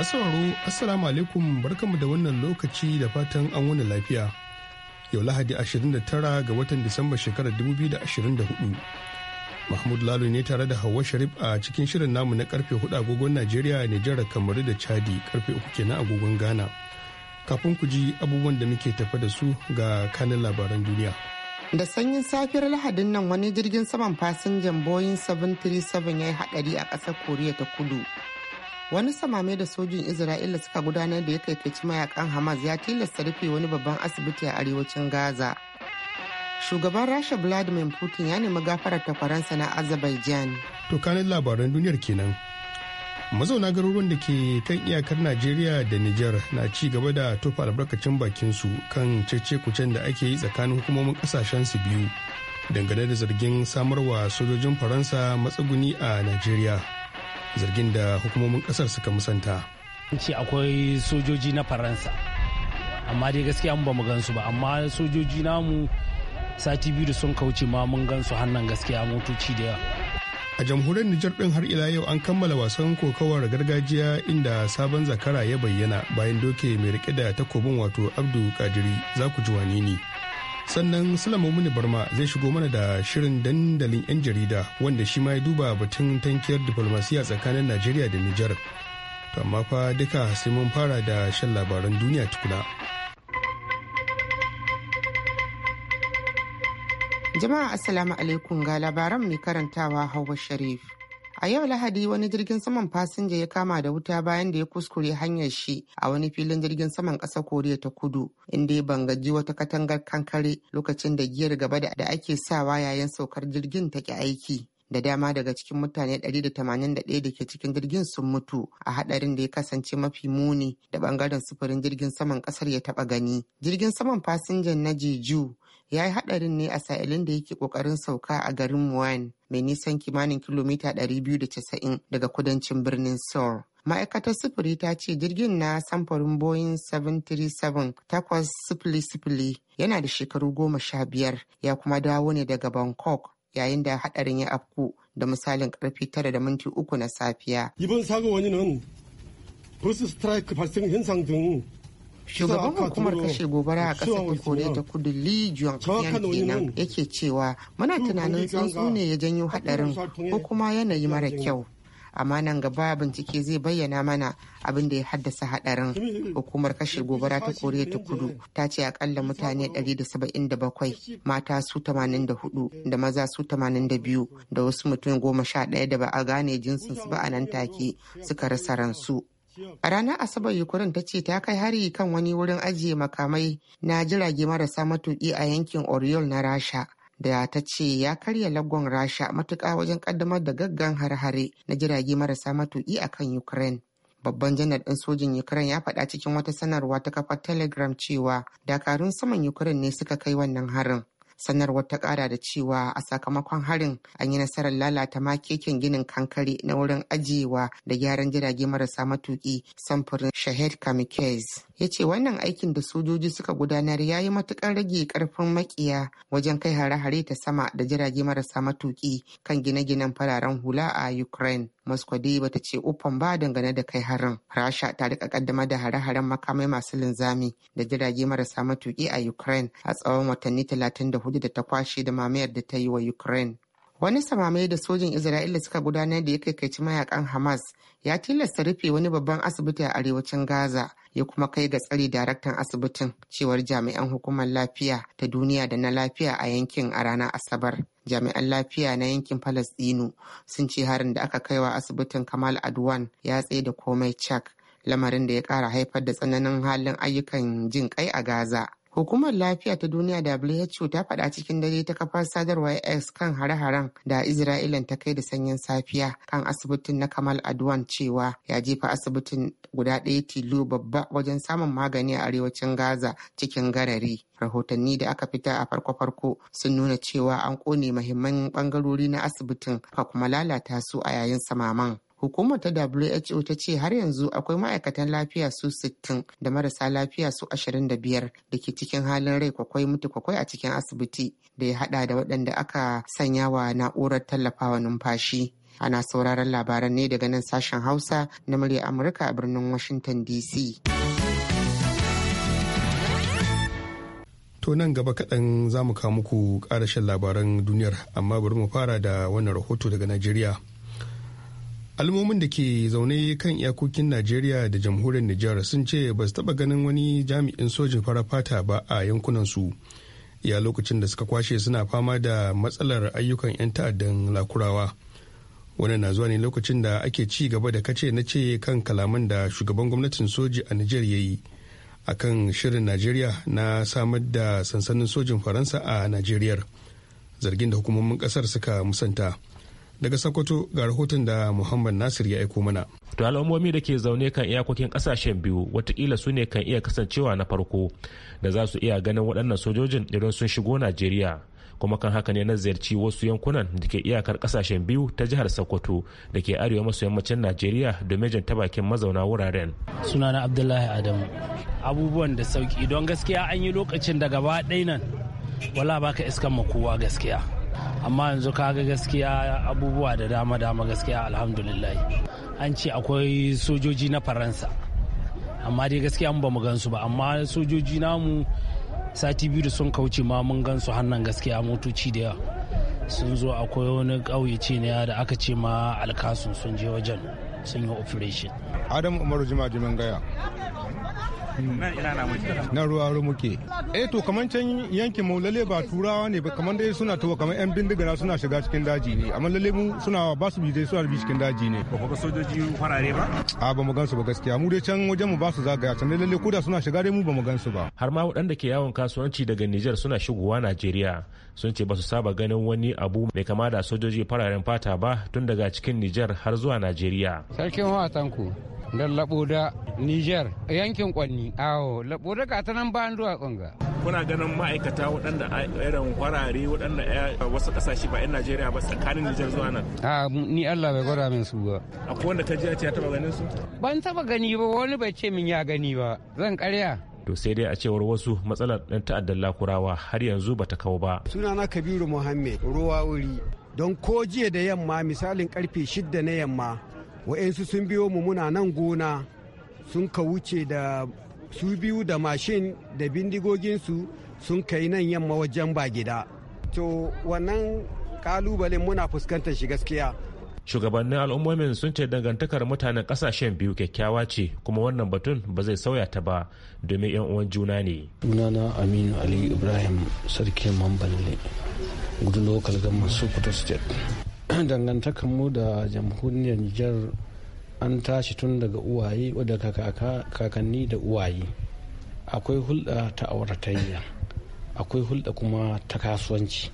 masu sauraro assalamu alaikum barkamu da wannan lokaci da fatan an wani lafiya yau lahadi 29 ga watan disamba shekarar 2024 mahmud lalo ne tare da hawa sharif a cikin shirin namu na karfe 4 agogon najeriya nijar kamaru da chadi karfe 3 kenan agogon ghana kafin ku ji abubuwan da muke tafa da su ga kanin labaran duniya da sanyin safiyar lahadin nan wani jirgin saman fasinjan boeing 737 ya yi hadari a ƙasar koriya ta kudu wani samame da sojin isra'ila suka gudanar da ya kai mayakan hamas ya tilasta rufe wani babban asibiti a arewacin gaza shugaban rasha vladimir putin ya nemi gafarar ta faransa na azerbaijan to kanin labaran duniyar kenan mazauna garuruwan da ke kan iyakar najeriya da niger na ci gaba da tofa albarkacin bakin su kan cece-kucen da ake yi tsakanin hukumomin kasashen su biyu dangane da zargin samarwa sojojin faransa matsuguni a najeriya zargin da hukumomin kasar suka musanta ce akwai sojoji na faransa amma dai gaskiya mu ba mu gansu ba amma sojoji namu sati biyu da sun kauce ma mun gansu hannun gaskiya motoci da yawa a jamhuriyar nijar din har ila yau an kammala wasan kokawar gargajiya inda sabon zakara ya bayyana bayan doke mai rike da takobin wato abdu kadiri za ku ji wani ne sannan muni barma zai shigo mana da shirin dandalin 'yan jarida wanda shi ma ya duba batun tankiyar diflomasiya tsakanin najeriya da nijar amma fa duka sai mun fara da shan labaran duniya tukuna jama'a assalamu alaikum ga labaran mai karantawa hawa sharif A yau Lahadi wani jirgin saman fasinja ya kama da wuta bayan da ya kuskure hanyar shi a wani filin jirgin saman ƙasar Koriya ta Kudu inda ya bangaji wata katangar kankare lokacin da giyar gaba da ake sawa yayin saukar jirgin ta ki aiki. da dama daga cikin mutane 181 da ke cikin jirgin sun mutu a hadarin da ya kasance mafi muni da bangaren sufurin jirgin saman kasar ya taba gani jirgin saman fasinjan na jeju ya yi hadarin ne a sa'ilin da yake kokarin sauka a garin Wuhan mai nisan kimanin kilomita 290 daga kudancin birnin Seoul. ma'aikatar sufuri ta ce jirgin na samfurin boeing 737 takwas sifili yana da shekaru goma sha biyar ya kuma dawo ne daga bangkok yayin da hadarin ya afku da misalin karfe tara da minti uku na safiya. strike shugaban hukumar kashe gobara a kasar koriya ta kudu lee jong kenan yake cewa muna tunanin tsuntsu ne ya janyo hadarin ko kuma yanayi mara kyau amma nan gaba bincike zai bayyana mana abin da ya haddasa hadarin hukumar kashe gobara ta koriya ta kudu ta ce akalla mutane 177 mata su 84 da maza su 82 da wasu mutum 11 da ba a gane jinsinsu ba a nan take suka rasa ransu A ranar Asabar Yukurin ta ce ta kai hari kan wani wurin ajiye makamai na jirage marasa matuki a yankin Oriol na Rasha. da ta ce ya karya lagon rasha matuƙa wajen kaddamar da gaggan har-hare na jirage marasa matuƙi a kan ukraine babban janar ɗin sojin ukraine ya faɗa cikin wata sanarwa ta kafar telegram cewa dakarun saman ukraine ne suka kai wannan harin sanarwar ta kara da cewa a sakamakon harin an yi nasarar lalata makekin ginin kankare na wurin ajiyewa da gyaran jirage marasa matuki samfurin shahid kamikez ya ce wannan aikin da sojoji suka gudanar ya yi matukar rage karfin makiya wajen kai hare-hare ta sama da jirage marasa matuki kan gine-ginen fararen hula a ukraine Moscow ta ta ce ufan ba dangane da kai harin. Rasha ta rika kaddamar da hare-haren makamai masu linzami da jirage marasa matuki a Ukraine a tsawon watanni 34 da ta kwashe da mamayar da ta yi wa Ukraine. wani samamai da sojin isra'ila suka gudanar da ya kaikaici mayakan hamas ya tilasta rufe wani babban asibiti a arewacin gaza ya kuma kai ga tsari daraktan asibitin cewar jami'an hukumar lafiya ta duniya da na lafiya a yankin a ranar asabar jami'an lafiya na yankin Falasɗinu sun ce harin da aka kaiwa asibitin kamal adwan ya tsaye da komai cak lamarin da ya kara haifar da tsananin halin ayyukan jin kai a gaza Hukumar Lafiya ta Duniya WHO ta faɗa cikin dare ta kafar sadarwa X kan hare-haren da Isra'ila ta kai da sanyin safiya kan asibitin na Kamal Adwan cewa ya jefa asibitin guda ɗaya tilo babba wajen samun magani a arewacin Gaza cikin garari. Rahotanni da aka fita a farko-farko sun nuna cewa an ƙone mahimman ɓangarori na asibitin ka kuma lalata su a yayin samaman. hukumar ta who ta ce har yanzu akwai ma'aikatan lafiya su 60 da marasa lafiya su 25 da ke cikin halin rai kwakwai mutu kwakwai a cikin asibiti da ya hada da waɗanda aka sanya wa na'urar tallafawa numfashi ana sauraron labaran ne daga nan sashen hausa na murya amurka a birnin washington dc To nan gaba kaɗan za mu kawo muku shan labaran duniyar amma bari mu fara da wannan rahoto daga Najeriya. almomin da ke zaune kan iyakokin najeriya da jamhuriyar nijar sun ce ba su taba ganin wani jami'in sojin fara fata ba a yankunan su ya lokacin da suka kwashe suna fama da matsalar ayyukan 'yan ta'addan lakurawa wannan na zuwa ne lokacin da ake ci gaba da kace na ce kan kalaman da shugaban gwamnatin soji a nijar ya yi a kan shirin najeriya na samar da sansanin sojin faransa a najeriyar zargin da hukumomin kasar suka musanta Daga Sokoto ga rahoton da Muhammad Nasir ya aiko mana. To al'ummomi da ke zaune kan iyakokin kasashen biyu watakila su ne kan iya kasancewa na farko da za su iya ganin waɗannan sojojin idan sun shigo Najeriya. kuma kan haka ne na ziyarci wasu yankunan da ke iyakar kasashen biyu ta jihar sokoto da ke arewa maso yammacin najeriya domin jin ta bakin mazauna wuraren sunana abdullahi adamu abubuwan da sauki don gaskiya an yi lokacin da gaba ɗainan nan wala baka iskan ma kowa gaskiya amma yanzu kaga gaskiya abubuwa da dama dama gaskiya alhamdulillah an ce akwai sojoji na faransa amma dai gaskiya mu ba mu gansu ba amma sojoji namu sati biyu da sun kauce ma mun gansu hannun gaskiya motoci da yawa sun zo akwai wani kauye ce da aka ce ma alkasun sun je wajen sun yi operation adam umaru jima jiman gaya na ruwa ruwa muke eh to kamar can yankin mu lalle ba turawa ne ba kamar dai suna tawa kamar yan bindigara suna shiga cikin daji ne amma lalle mu suna ba su bi dai suna bi cikin daji ne ba ga sojoji farare ba a ba mu gansu ba gaskiya mu dai can wajen mu ba su zagaya can lalle ko da suna shiga dai mu ba mu gansu ba har ma waɗanda ke yawon kasuwanci daga Niger suna shigowa Najeriya sun ce ba su saba ganin wani abu mai kama da sojoji fararen fata ba tun daga cikin Nijar har zuwa Najeriya. Sarkin watanku da laboda Nijar yankin kwanni. Awo laboda ka ta nan an duwatsun kunga. Kuna ganin ma'aikata waɗanda irin kwarare waɗanda wasu ƙasashe ba 'yan Najeriya ba tsakanin Nijar zuwa nan. A ni Allah bai gwada min su ba. Akwai wanda ka ji a ce ya taɓa ganin su? Ban taɓa gani ba wani bai ce min ya gani ba. Zan ƙarya. to sai dai a cewar wasu matsalar ɗan ta'addar lakurawa har yanzu bata kawo ba sunana kabiru muhammed ruwa wuri don ko jiya da yamma misalin karfe shidda na yamma wa'yansu sun biyo mu muna nan gona sun ka wuce da su biyu da mashin da bindigoginsu sun kai nan yamma wajen ba gida to wannan kalubalen muna fuskantar shi gaskiya shugabannin al'ummomin sun ce dangantakar mutanen kasashen biyu kyakkyawa ce kuma wannan batun ba zai sauya ta ba domin yan uwan juna ne sunana aminu ali ibrahim sarki mamballe gudu local government sokoto state dangantakar mu da jamhuriyar niger an tashi tun daga uwaye wadda kakanni da uwaye akwai hulɗa ta auratayya akwai hulɗa kuma ta kasuwanci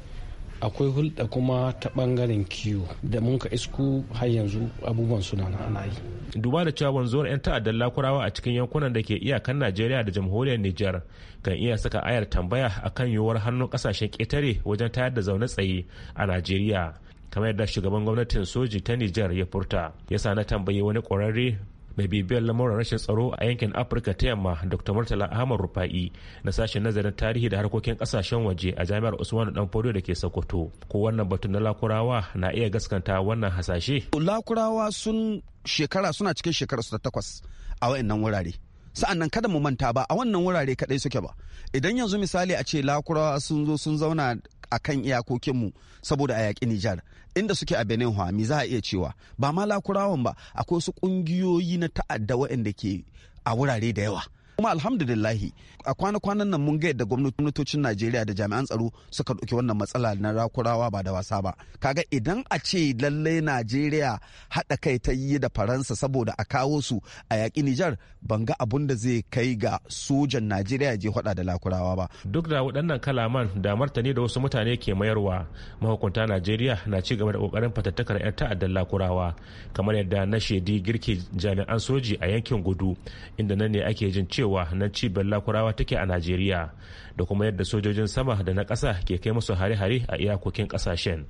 akwai hulɗa kuma ta ɓangaren kiwo da mun ka isku har yanzu abubuwan suna na ana yi duba da cewa wanzuwar 'yan ta'addar lakurawa a cikin yankunan da ke iyakan najeriya da jamhuriyar nijar kan iya saka ayar tambaya akan yiwuwar hannun kasashen ƙetare wajen tayar da zaune tsaye a najeriya kamar yadda shugaban gwamnatin soji ta nijar ya furta ya sa na tambayi wani ƙwararre mai bibiyar lamuran rashin tsaro a yankin afirka ta yamma dr murtala ahmad rufa'i na sashen nazarin tarihi da harkokin kasashen waje a jami'ar usmanu fodo da ke sokoto ko wannan batun na lakurawa na iya gaskanta wannan hasashe lakurawa sun shekara suna cikin shekara su ta takwas a wayannan wurare sa'an nan kada mu manta ba a wannan wurare kaɗai suke ba idan yanzu misali a ce lakurawa sun zo sun zauna a kan iyakokinmu saboda a yaƙi Nijar inda suke a Benin me za a iya cewa ba ma lakurawan ba akwai wasu ƙungiyoyi na ta'adda waɗanda ke a wurare da yawa kuma alhamdulillahi a kwana-kwanan nan mun ga yadda gwamnatocin najeriya da jami'an tsaro suka ɗauki wannan matsala na rakurawa ba da wasa ba kaga idan a ce lallai najeriya haɗa kai ta yi da faransa saboda a kawo su a yaƙi nijar ban ga abun da zai kai ga sojan najeriya je hada da lakurawa ba duk da waɗannan kalaman da martani da wasu mutane ke mayarwa mahukunta najeriya na ci gaba da kokarin fatattakar 'yan ta'addan lakurawa kamar yadda na shaidi girki jami'an soji a yankin gudu inda nan ne ake jin cewa cewa na cibiyar lakurawa take a najeriya da kuma yadda sojojin sama da na ƙasa ke kai musu hare-hare a iyakokin ƙasashen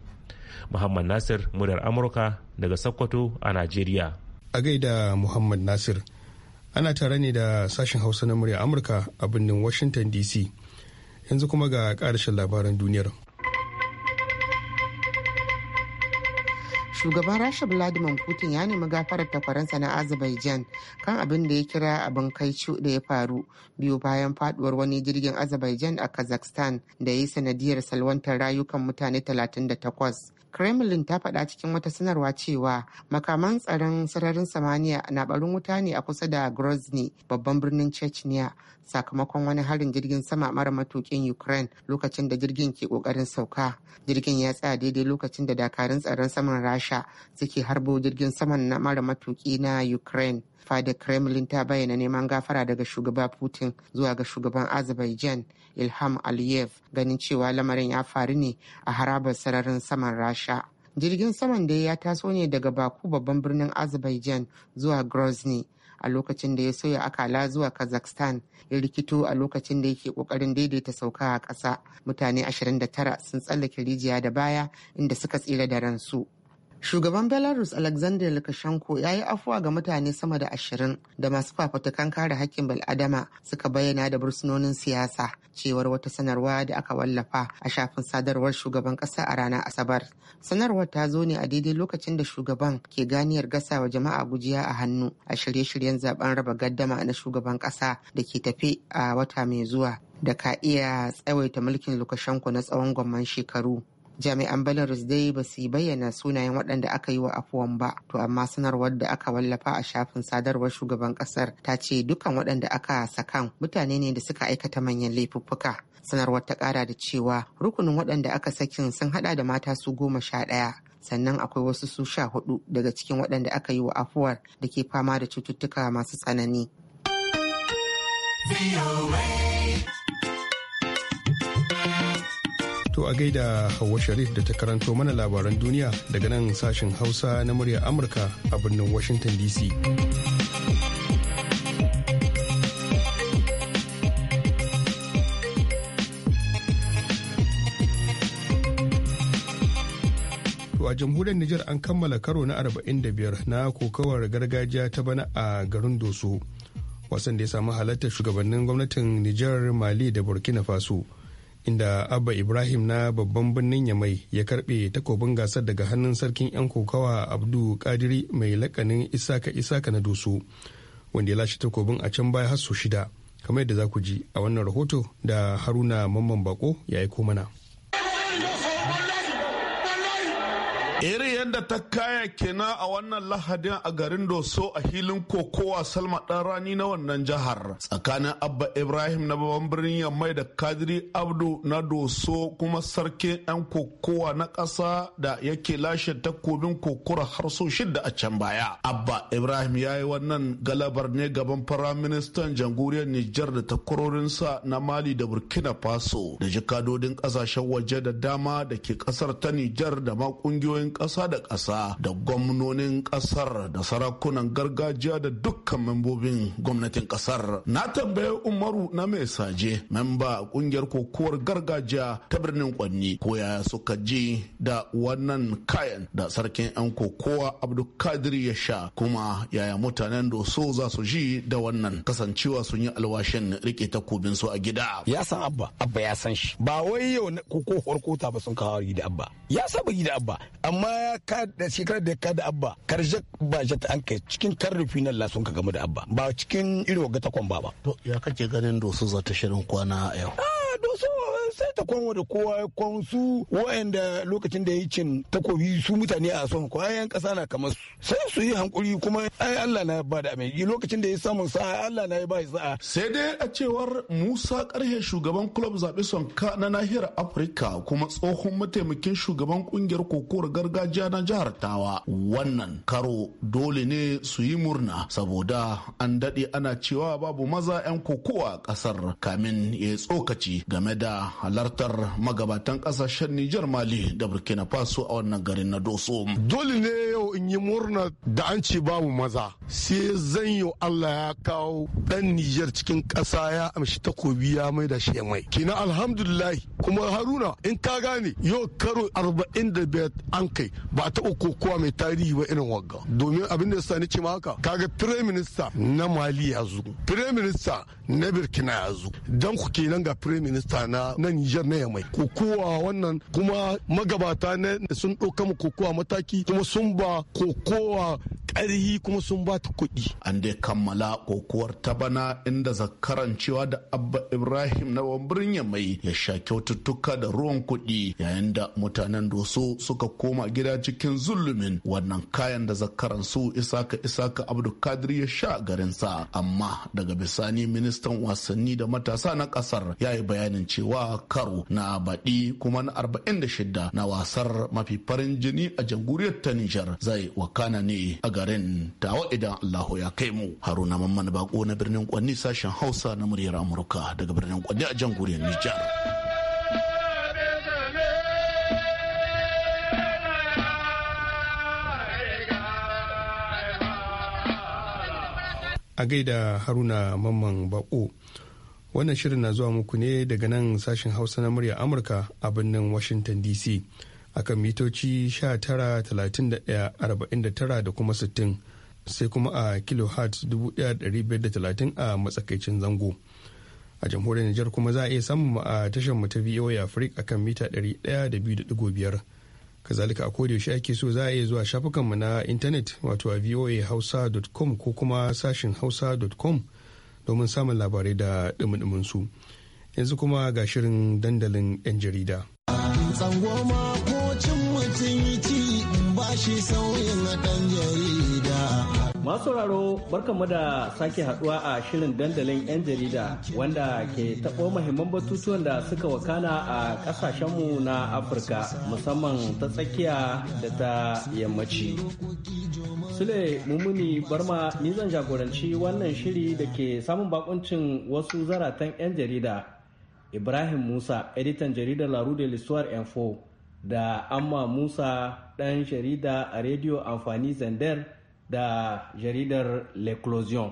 muhammad nasir muryar amurka daga sokoto a najeriya a gaida muhammad nasir ana tare ne da sashen hausa na muryar amurka a birnin washington dc yanzu kuma ga ƙarashen labaran duniyar shugaban rasha vladimir putin ya nemi gafarar takwaransa na azerbaijan kan abin da ya kira abin kai da ya faru biyu bayan faduwar wani jirgin azerbaijan a kazakhstan da ya yi sanadiyar salwantar rayukan mutane 38 kremlin ta faɗa cikin wata sanarwa cewa makaman tsaron sararin samaniya na barin wuta ne a kusa da grozny babban birnin chechnya sakamakon wani harin jirgin sama mara matukin ukraine lokacin da jirgin ke kokarin sauka jirgin ya tsaya daidai lokacin da dakarun tsaron saman rasha suke harbo jirgin saman na mara matuki na ukraine fadar kremlin ta bayyana neman gafara daga shugaba putin zuwa ga shugaban azerbaijan ilham aliyev ganin cewa lamarin ya faru ne a harabar sararin saman rasha jirgin saman da ya taso ne daga baku babban birnin azerbaijan zuwa grozny a lokacin da ya soya akala zuwa kazakhstan ya rikito a lokacin da yake kokarin daidaita sauka a ƙasa mutane 29 sun tsallake rijiya da baya inda suka tsira da ransu Shugaban Belarus Alexander Lukashenko ya yi afuwa ga mutane sama da ashirin da masu fafutukan kare hakkin bil'adama suka bayyana da bursunonin siyasa cewar wata sanarwa da aka wallafa a shafin sadarwar shugaban ƙasa a ranar Asabar. Sanarwar ta zo ne a daidai lokacin da shugaban ke ganiyar gasa wa jama'a gujiya a hannu a shirye-shiryen zaben raba gaddama na shugaban ƙasa da ke tafe a wata mai zuwa da ka iya tsawaita mulkin Lukashenko na tsawon gwamman shekaru. jami'an belarus dai ba su bayyana sunayen waɗanda aka yi wa afuwan ba to amma sanarwar da aka wallafa a shafin sadarwar shugaban ƙasar ta ce dukkan waɗanda aka sakan mutane ne da suka aikata manyan laifuffuka sanarwar ta ƙara da cewa rukunin waɗanda aka sakin sun haɗa da mata su goma sha ɗaya sannan akwai wasu su sha hudu daga cikin waɗanda aka yi wa afuwar da ke fama da cututtuka masu tsanani. To a gaida Hauwa Sharif da ta karanto mana labaran duniya daga nan sashen Hausa na murya Amurka a birnin Washington DC. a jamhuriyar Nijar an kammala karo na 45 na kokawar gargajiya ta bana a garin Doso. Wasan da ya samu halartar shugabannin gwamnatin Nijar Mali da Burkina Faso. inda abba ibrahim na babban birnin yamai ya karbe takobin gasar daga hannun sarkin 'yan kokawa abdu kadiri mai lakanin isaka isaka na doso wanda ya lashe takobin a can baya har shida kamar yadda za ku ji a wannan rahoto da haruna mamman bako ya aiko mana. Iri yadda ta kaya kenan a wannan lahadin a garin Doso a hilin kokowa Salma ɗan rani na wannan jihar tsakanin Abba Ibrahim na babban birnin Yammai da Kadiri Abdu na Doso kuma sarkin 'yan kokowa na ƙasa da yake lashe takobin kokura har so shida a can baya. Abba Ibrahim ya yi wannan galabar ne gaban Firaministan jamhuriyar Nijar da takwarorinsa na Mali da Burkina Faso da jikadodin ƙasashen waje da dama da ke ƙasar ta Nijar da ma ƙungiyoyin hukumomin ƙasa da ƙasa da gwamnonin ƙasar da sarakunan gargajiya da dukkan membobin gwamnatin ƙasar na tambaye umaru na mai saje memba ƙungiyar kokowar gargajiya ta birnin kwanni ko ya suka ji da wannan kayan da sarkin 'yan kokowa abdulkadir ya sha kuma yaya mutanen doso za su ji da wannan kasancewa sun yi alwashin rike takobin su a gida ya san abba abba ya san shi ba wai yau ko kokowar kota ba sun kawo da abba ya saba da abba amma ya ka da shekarar da ya ka da abba karshe ba shi ta an kai cikin karrufi na lasun ka game da abba ba cikin irin wagga takwan ba ba. to ya kake ganin dosu za ta shirin kwana a yau. Ah, su sai ta kwanwa da kowa kwan su wa'anda lokacin da ya cin takobi su mutane a son ko ayan kasa na kamar su sai su yi hankuri kuma ai Allah na ba da mai lokacin da ya samu sa'a Allah na ya ba sa'a sai dai a cewar Musa Karhe shugaban club zabe sonka na nahiyar Afirka kuma tsohon mataimakin shugaban kungiyar kokowar gargajiya na jihar Tawa wannan karo dole ne su yi murna saboda an dade ana cewa babu maza 'yan kokowa kasar kamin ya tsokaci game da halartar magabatan kasashen Nijar Mali da Burkina Faso a wannan garin na Doso. Dole ne yau in yi murna da an ce babu maza sai zan yi Allah ya kawo dan Nijar cikin ƙasa ya amshi takobi ya mai da shi mai. Kina alhamdulillahi kuma Haruna in ka gane yau karo 45 an kai ba ta uku kowa mai tarihi ba irin wagga. Domin abin da ya ni ce ma haka kaga Prime Minister na Mali ya zo. Prime Minister na Burkina ya zo. Dan ku kenan ga Prime minista na na Niger na Yamai kokowa wannan kuma magabata ne sun ɗauka mu kokowa mataki kuma sun ba kokowa ƙarhi kuma sun ba ta kuɗi an dai kammala kokowar ta bana inda zakaran cewa da Abba Ibrahim na wambirin Yamai ya sha kyaututtuka da ruwan kuɗi yayin da mutanen Doso suka koma gida cikin zulumin wannan kayan da zakaran su Isaka Isaka Abdulkadir ya sha garinsa amma daga bisani ministan wasanni da matasa na ƙasar ya yi bayani bayanin cewa karo na baɗi kuma na 46 na wasar mafi farin jini a jamhuriyar ta Nijar zai wakana ne a garin tawa idan Allahu ya kai mu. Haruna Mamman Bako na birnin Kwanni sashen Hausa na muryar Amurka daga birnin Kwanni a jamhuriyar Nijar. A gaida Haruna Mamman Bako. wannan shirin na zuwa muku ne daga nan sashen hausa na murya amurka a birnin washington dc akan mitoci 19,31,49 da kuma 60 sai kuma a kilohertz 1530 a matsakaicin zango a jamhuriyar Nijar kuma za a iya samun a tashar mu ta VOA Africa akan mita 102.5 kazalika a koda yaushe ake so za a iya zuwa shafukanmu na intanet wato a voahausa.com ko kuma sashin hausa.com domin samun labarai da dumin su yanzu kuma ga shirin dandalin 'yan jarida. tsangwa mutum Masu raro barkanmu da sake haduwa a shirin dandalin 'yan jarida wanda ke taɓo mahimman batutuwan da suka wakana a ƙasashenmu na Afirka musamman ta tsakiya da ta yammaci. Sule Mumuni Barma ni zan jagoranci wannan shiri da ke samun bakuncin wasu zaratan 'yan jarida. Ibrahim Musa, editan jaridar Larude Rue M4 da Amma Musa, ɗan jarida a rediyo amfani Zander da jaridar l'eclosion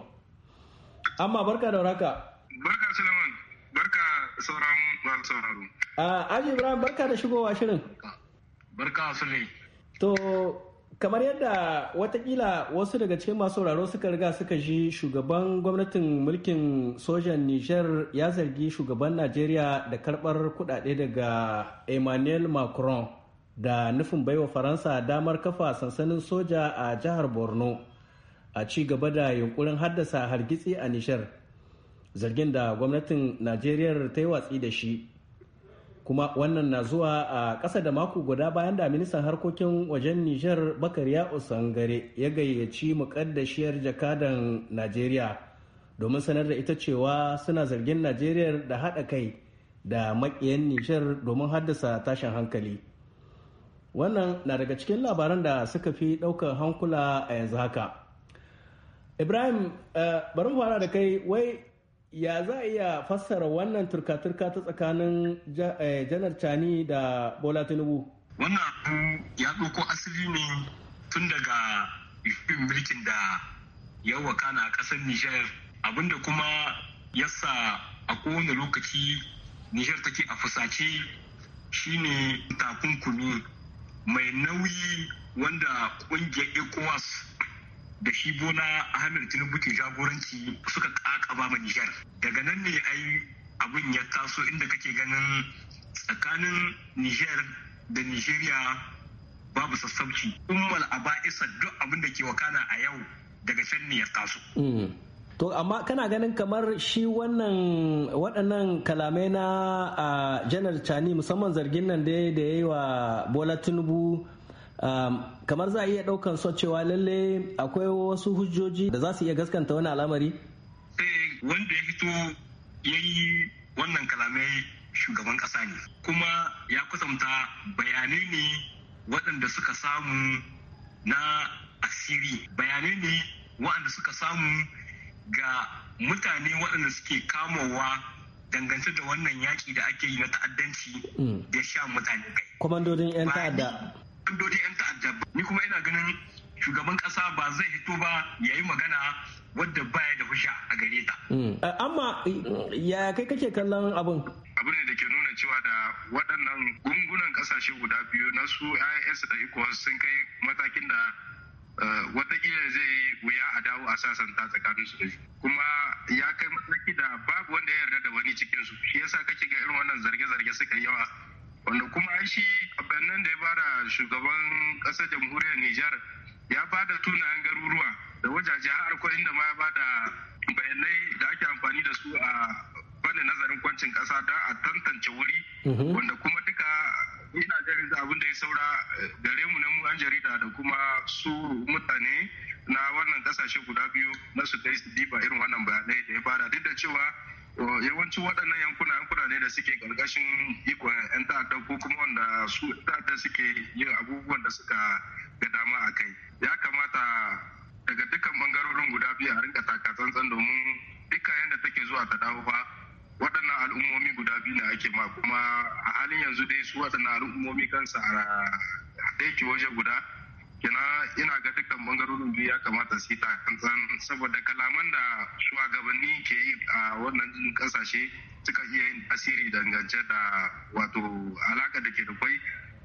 amma barka da raka barka suleiman barka sauran masu sauraro a aji ibrahim barka da shigowa shirin barka sule to kamar yadda watakila wasu daga cikin masu sauraro suka riga suka ji shugaban gwamnatin mulkin sojan niger ya zargi shugaban najeriya da karbar kudade daga emmanuel macron da nufin baiwa faransa damar kafa sansanin soja a jihar borno a ci gaba da yunkurin haddasa hargitsi a nishar zargin da gwamnatin najeriya ta yi watsi da shi kuma wannan na zuwa a ƙasa da mako guda bayan da ministan harkokin wajen nijar bakariya usangare ya gayyaci muƙaddashiyar jakadan najeriya domin sanar da ita cewa suna zargin najeriya da haɗa kai da maƙiyan nijar domin haddasa tashin hankali wannan na daga cikin labaran da suka fi ɗaukar hankula a yanzu haka ibrahim eh, bari mu fara da kai wai ya za a iya fassara wannan turka-turka ta tsakanin eh, janar cani da bola tinubu wannan abu ya ɗauko asali ne tun daga mulkin da ya wakana a ƙasar nijar abinda kuma yasa a kowane lokaci nijar take a fusace shine takunkumi mai nauyi wanda kungiyar ecowas da shi bola ahmed tinubu ke jagoranci suka kakaba ma nijar daga nan ne ai abin ya taso inda kake ganin tsakanin nijar da nigeria babu sassauci ummal Isa duk abin da ke wakana a yau daga can ne ya taso mm. To amma kana ganin kamar shi wannan waɗannan kalamai na a janar Chani musamman zargin nan da ya yi wa Bola Tinubu kamar za a iya ɗaukan so cewa lalle akwai wasu hujjoji da za su iya gaskanta wani al'amari? Eh, wanda ya fito ya yi wannan kalamai shugaban ƙasa ne kuma ya kusanta bayanai ne waɗanda suka samu na asiri bayanai ne waɗanda suka samu ga mutane waɗanda suke kamowa dangance da wannan yaƙi da ake yi na ta'addanci hmm. da sha mutane kai. Kwamandodin 'yan ta'adda. Kwamandodin 'yan ta'adda ni kuma ina ganin shugaban ƙasa ba zai hito ba ya yi magana wadda baya da fusha a gare ta. Hmm. Eh, amma ya kai kake kallon abin? Abu ne da ke nuna cewa da waɗannan gungunan ƙasashe guda biyu na su IS da ECOWAS sun kai matakin da Eh, watakila zai yi wuya a dawo a sasanta tsakanin su kuma ya kai mataki da babu wanda ya yarda da wani cikin su shi yasa kake ga irin wannan zarge-zarge suka yawa wanda kuma shi abannan da ya bada shugaban ƙasar jamhuriyar Nijar ya bada tunayen garuruwa da wajaje har ko inda ma ya bada bayanai da ake amfani da su a fannin nazarin kwancin ƙasa don a tantance wuri mhm. wanda kuma duka muna ganin da abin da ya saura eh, gare mu na mu an jarida da kuma su mutane na wannan kasashe guda biyu na su kai su diba irin wannan bayanai da ya bada duk da cewa oh, yawancin waɗannan yankuna yankuna ne da suke ƙarƙashin ikon 'yan ta'adda ko kuma wanda su ta'adda suke yin abubuwan da suka ga dama a kai ya kamata daga dukkan bangarorin guda biyu a rinka tsantsan domin dukkan yadda take zuwa ta dawo ba waɗannan al'ummomi guda biyu ne ake ma kuma a halin yanzu dai su waɗannan al'ummomi kansa a ɗaiki waje guda kina ina ga dukkan bangarorin biyu ya kamata su yi takantsan saboda kalaman da shugabanni ke yi a wannan kasashe suka iya yin asiri dangance da wato alaka da ke da kwai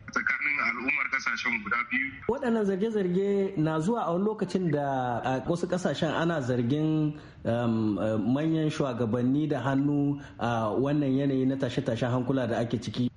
tsakanin al'ummar kasashen guda biyu. Waɗannan zarge-zarge na zuwa a wani lokacin da a wasu kasashen ana zargin um, uh, manyan shugabanni da hannu a uh, wannan yanayi na tashe-tashen hankula da ake ciki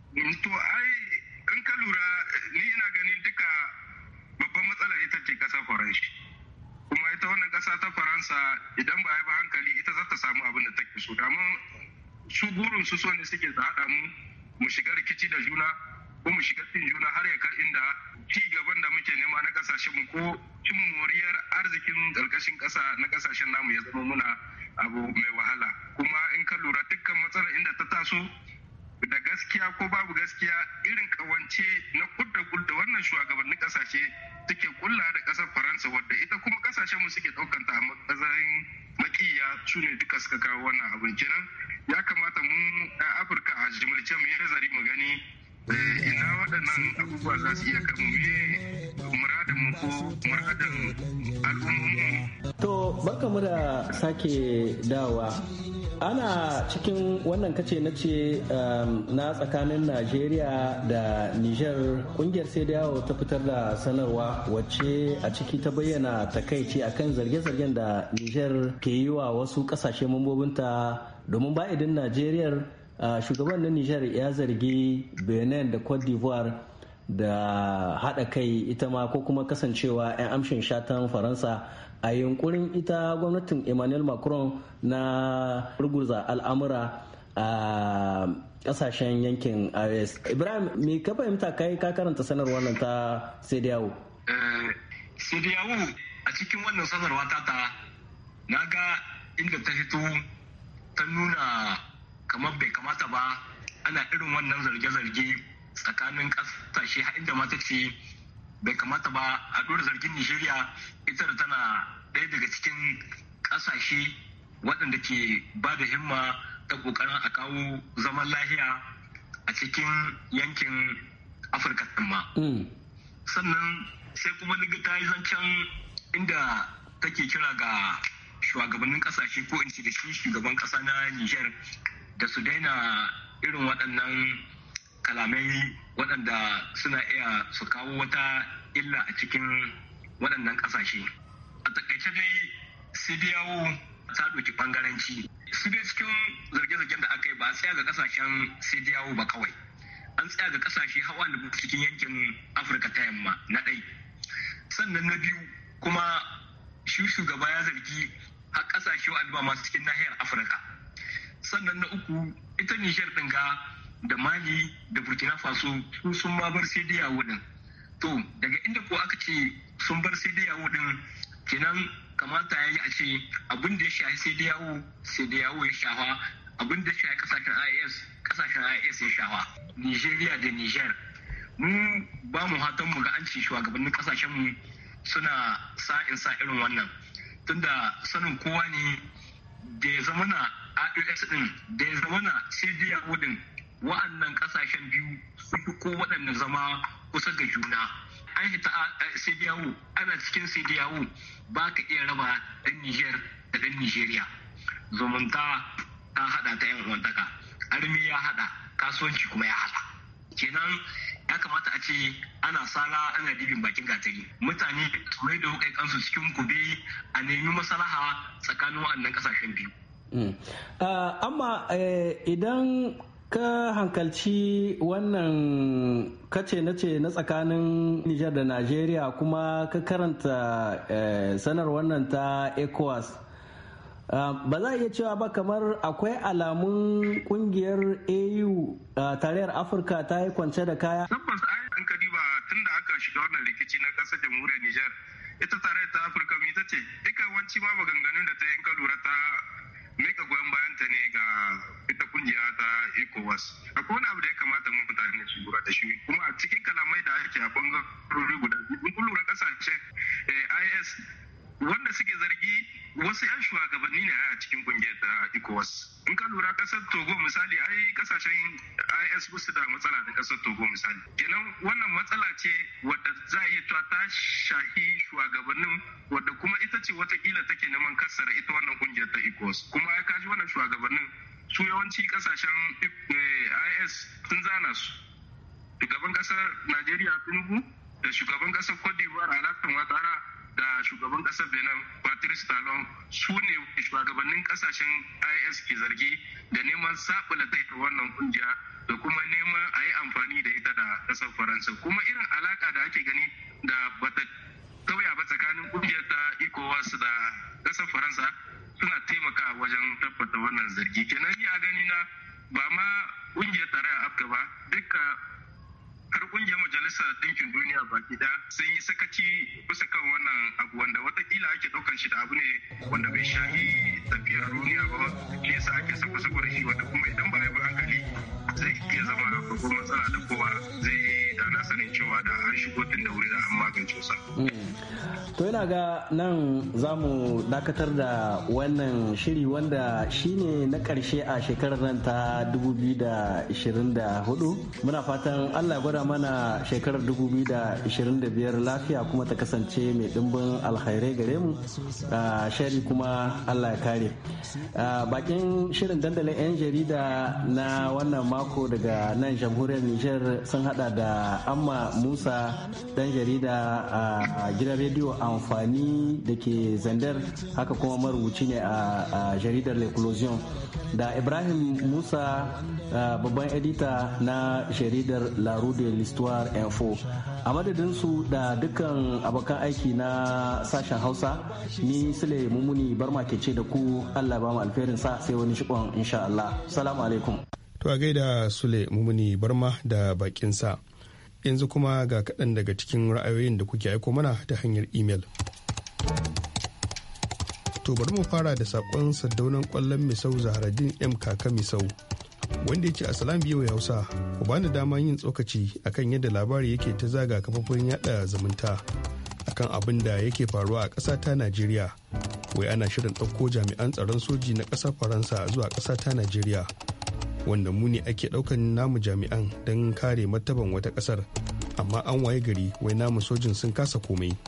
ana cikin wannan kace na ce um, na tsakanin najeriya da niger kungiyar sai da yawo ta fitar da sanarwa wacce a ciki ta bayyana takaici akan zarge-zargen da niger ke yi wa wasu kasashe mambobinta domin ba ba'idin najeriya uh, shugaban na niger ya zargi benin da cote d'ivoire da haɗa kai ita ma ko kuma kasancewa 'yan amshin shatan faransa a yunkurin ita gwamnatin emmanuel macron na ruguza al'amura a kasashen yankin ios ibrahim me ka fahimta kai ka karanta sanarwar nan ta sediyawu eh, sediyawu a cikin wannan sanarwa ta ta na ga inda ta fito ta nuna kamar bai kamata ba ana irin wannan zarge-zarge tsakanin kasashe inda mata ce bai kamata ba a ɗora zargin nigeria ita da tana ɗaya daga cikin ƙasashe waɗanda ke ba da himma ta ƙoƙarin a kawo zaman lahiya a cikin yankin afirka ma mm. sannan sai kuma liga ta yi zancen inda take kira ga shugabannin ƙasashe ko in ce da shi shugaban ƙasa na niger da su daina irin waɗannan kalamai waɗanda suna iya su kawo wata illa a cikin waɗannan ƙasashe a takaice dai CBO ta ɗauki ɓangaranci su cikin zarge-zargen da aka yi ba a tsaya ga ƙasashen CBO ba kawai an tsaya ga ƙasashe hawa da cikin yankin afirka ta yamma na ɗai sannan na biyu kuma shi shugaba ya zargi har ƙasashe wa masu cikin nahiyar afirka sannan na uku ita nishar ɗin ga da mali da burkina faso su sun ma bar sai da yawo din to daga inda ko aka ce sun bar sai da yawo din kenan kamata ya yi a ce abin da ya shafi sai da yawo sai da yawo ya shafa abin da ya shafi kasashen is kasashen is ya shafa nigeria da niger mu ba mu hatan mu ga an ci shugabannin kasashen mu suna sa'in sa irin wannan tunda sanin kowa ne da ya zama na ios din da ya zama na cdr din wa'annan kasashen biyu su fi ko waɗanda zama kusa ga juna an hita ana cikin sidiyawo ba ka iya raba ɗan nijiyar da ɗan nijeriya zumunta ta haɗa ta yan wantaka armi ya haɗa kasuwanci kuma ya haɗa kenan ya kamata a ce ana sara ana dibin bakin gatari mutane turai da hukai kansu cikin kube a nemi masalaha tsakanin waɗannan kasashen biyu mm. ah, amma eh, idan ka hankalci wannan kace na ce na tsakanin Nijar da Najeriya kuma ka karanta eh, sanar wannan ta ECOWAS. Ah, ba za a iya cewa ba kamar akwai alamun kungiyar AU ah, tarayyar Afirka ta yi kwance da kaya. Tabbas an ka diba tun da aka shiga wannan rikici na ƙasar jamhuriyar Nijar ita tarayyar ta Afirka mai ce, ikawanci wanci ma maganganun da ta yi ka lura ta mika goyon bayan ta ne ga ita kungiya ta ECOWAS akwai wani abu da ya kamata mu mutane su lura da shi kuma a cikin kalamai da ake a bangarori guda biyu kun lura kasashen eh, IS wanda suke zargi wasu 'yan shugabanni ne a cikin kungiyar da ECOWAS. In ka lura kasar Togo misali ai kasashen IS su da matsala da kasar Togo misali. Kenan wannan matsala ce wadda za a yi ta ta shahi shugabannin wadda kuma ita ce watakila take neman kassara ita wannan kungiyar ta ECOWAS. Kuma ya kaji wannan shugabannin su yawanci kasashen eh, IS sun zana su. Shugaban kasar Najeriya Tinubu da shugaban kasar Cote d'Ivoire Alassane Ouattara da shugaban kasar benin patrice talon su ne shugabannin kasashen is ke zargi da neman sabula ta wannan kungiya da kuma neman a yi amfani da ita da kasar faransa kuma irin alaka da ake gani da bata kauya ba tsakanin kungiyar ta ecowas da kasar faransa suna taimaka wajen tabbata wannan zargi kenan ni a gani na ba ma kungiyar tarayyar afka ba duka har kungiyar majalisar ɗinkin duniya baki ɗaya sun yi sakaci kusa kan wannan abu wanda watakila ake ɗaukan shi da abu ne wanda bai shafi tafiyar duniya ba ne sa ake sako sako da shi wanda kuma idan ba ya ba hankali zai iya zama babban matsala da kowa zai yi da na sanin cewa da an shigo tun da wuri da an magance sa. Hmm. To yana ga nan za mu dakatar da wannan shiri wanda shine na karshe a shekarar nan ta 2024 muna fatan Allah ya gwada mana shekarar 2025 lafiya kuma ta kasance mai dimbin alkhairai gare mu ah, shari kuma allah ya kare ah, bakin shirin dandalin 'yan jarida na wannan mako daga nan jamhuriyar niger sun hada da amma musa dan jarida ah, a gidan rediyo amfani da ke zandar haka kuma marubuci ne a jaridar l'eclosion da ibrahim musa babban edita na jaridar larude listuwar info a madadin su da dukkan abokan aiki na sashen hausa ni sule mummuni barma ke ce da ku allah ba mu alferin sa sai wani shikon insha allah salamu alaikum to a gaida sule mummuni barma da bakin sa yanzu kuma ga kaɗan daga cikin ra'ayoyin da kuke aiko mana ta hanyar imel to bari mu fara da saƙon sardaunan ƙwallon misau zaharaddin m kaka misau wanda ya ce salam biyu hausa ku bani dama yin tsokaci akan yadda labari yake ta zaga kafafun yada zumunta akan abin da yake faruwa a ƙasa ta najeriya wai ana shirin ɗauko jami'an tsaron soji na ƙasar faransa zuwa ƙasa ta najeriya wanda mu ne ake ɗaukan namu jami'an don kare martaban wata ƙasar amma an waye gari wai namu sojin sun kasa komai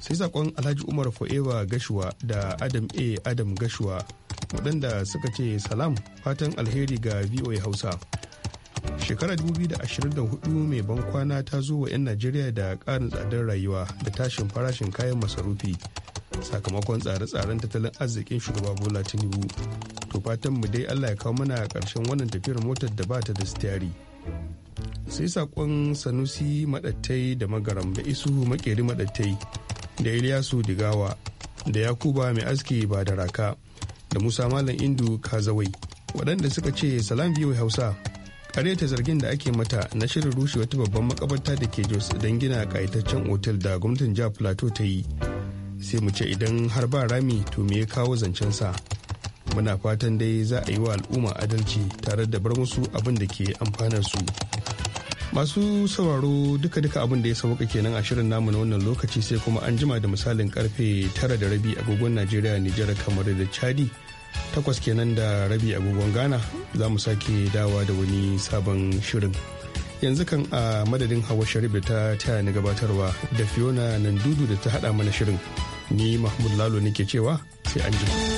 sai saƙon alhaji umar fo'ewa gashuwa da adam a adam gashuwa waɗanda suka ce salam fatan alheri ga voa hausa shekara 2024 mai ban kwana ta zo wa 'yan najeriya da ƙarin tsadar rayuwa da tashin farashin kayan masarufi sakamakon tsare-tsaren tattalin arzikin shugaba bola tinubu to fatan mu dai allah ya kawo mana ƙarshen wannan tafiyar motar da ba ta da sitiyari sai saƙon sanusi maɗattai da magaram da isu makeri madattai da iliyasu digawa da yakuba mai aski ba da raka da Musa Malam Indu Kazawai waɗanda suka ce salam biyu Hausa ta zargin da ake mata na shirin rushe wata babban makabarta da ke Jos don gina kayataccen otal da gwamnatin jihar Plateau ta yi. Sai mu ce idan har ba rami to me ya kawo zancen sa. Muna fatan dai za a yi wa al'umma adalci tare da bar musu abin da ke amfanar su. masu sauraro duka-duka abin da ya sauka kenan a shirin namu na wannan lokaci sai kuma an jima da misalin karfe tara da rabi agogon najeriya nijar kamar da chadi takwas kenan da rabi agogon ghana za mu sake dawa da wani sabon shirin yanzu kan a madadin hawa sharif ta taya ni gabatarwa da fiona nan dudu da ta hada mana shirin ni mahmud lalo nake cewa sai an jima.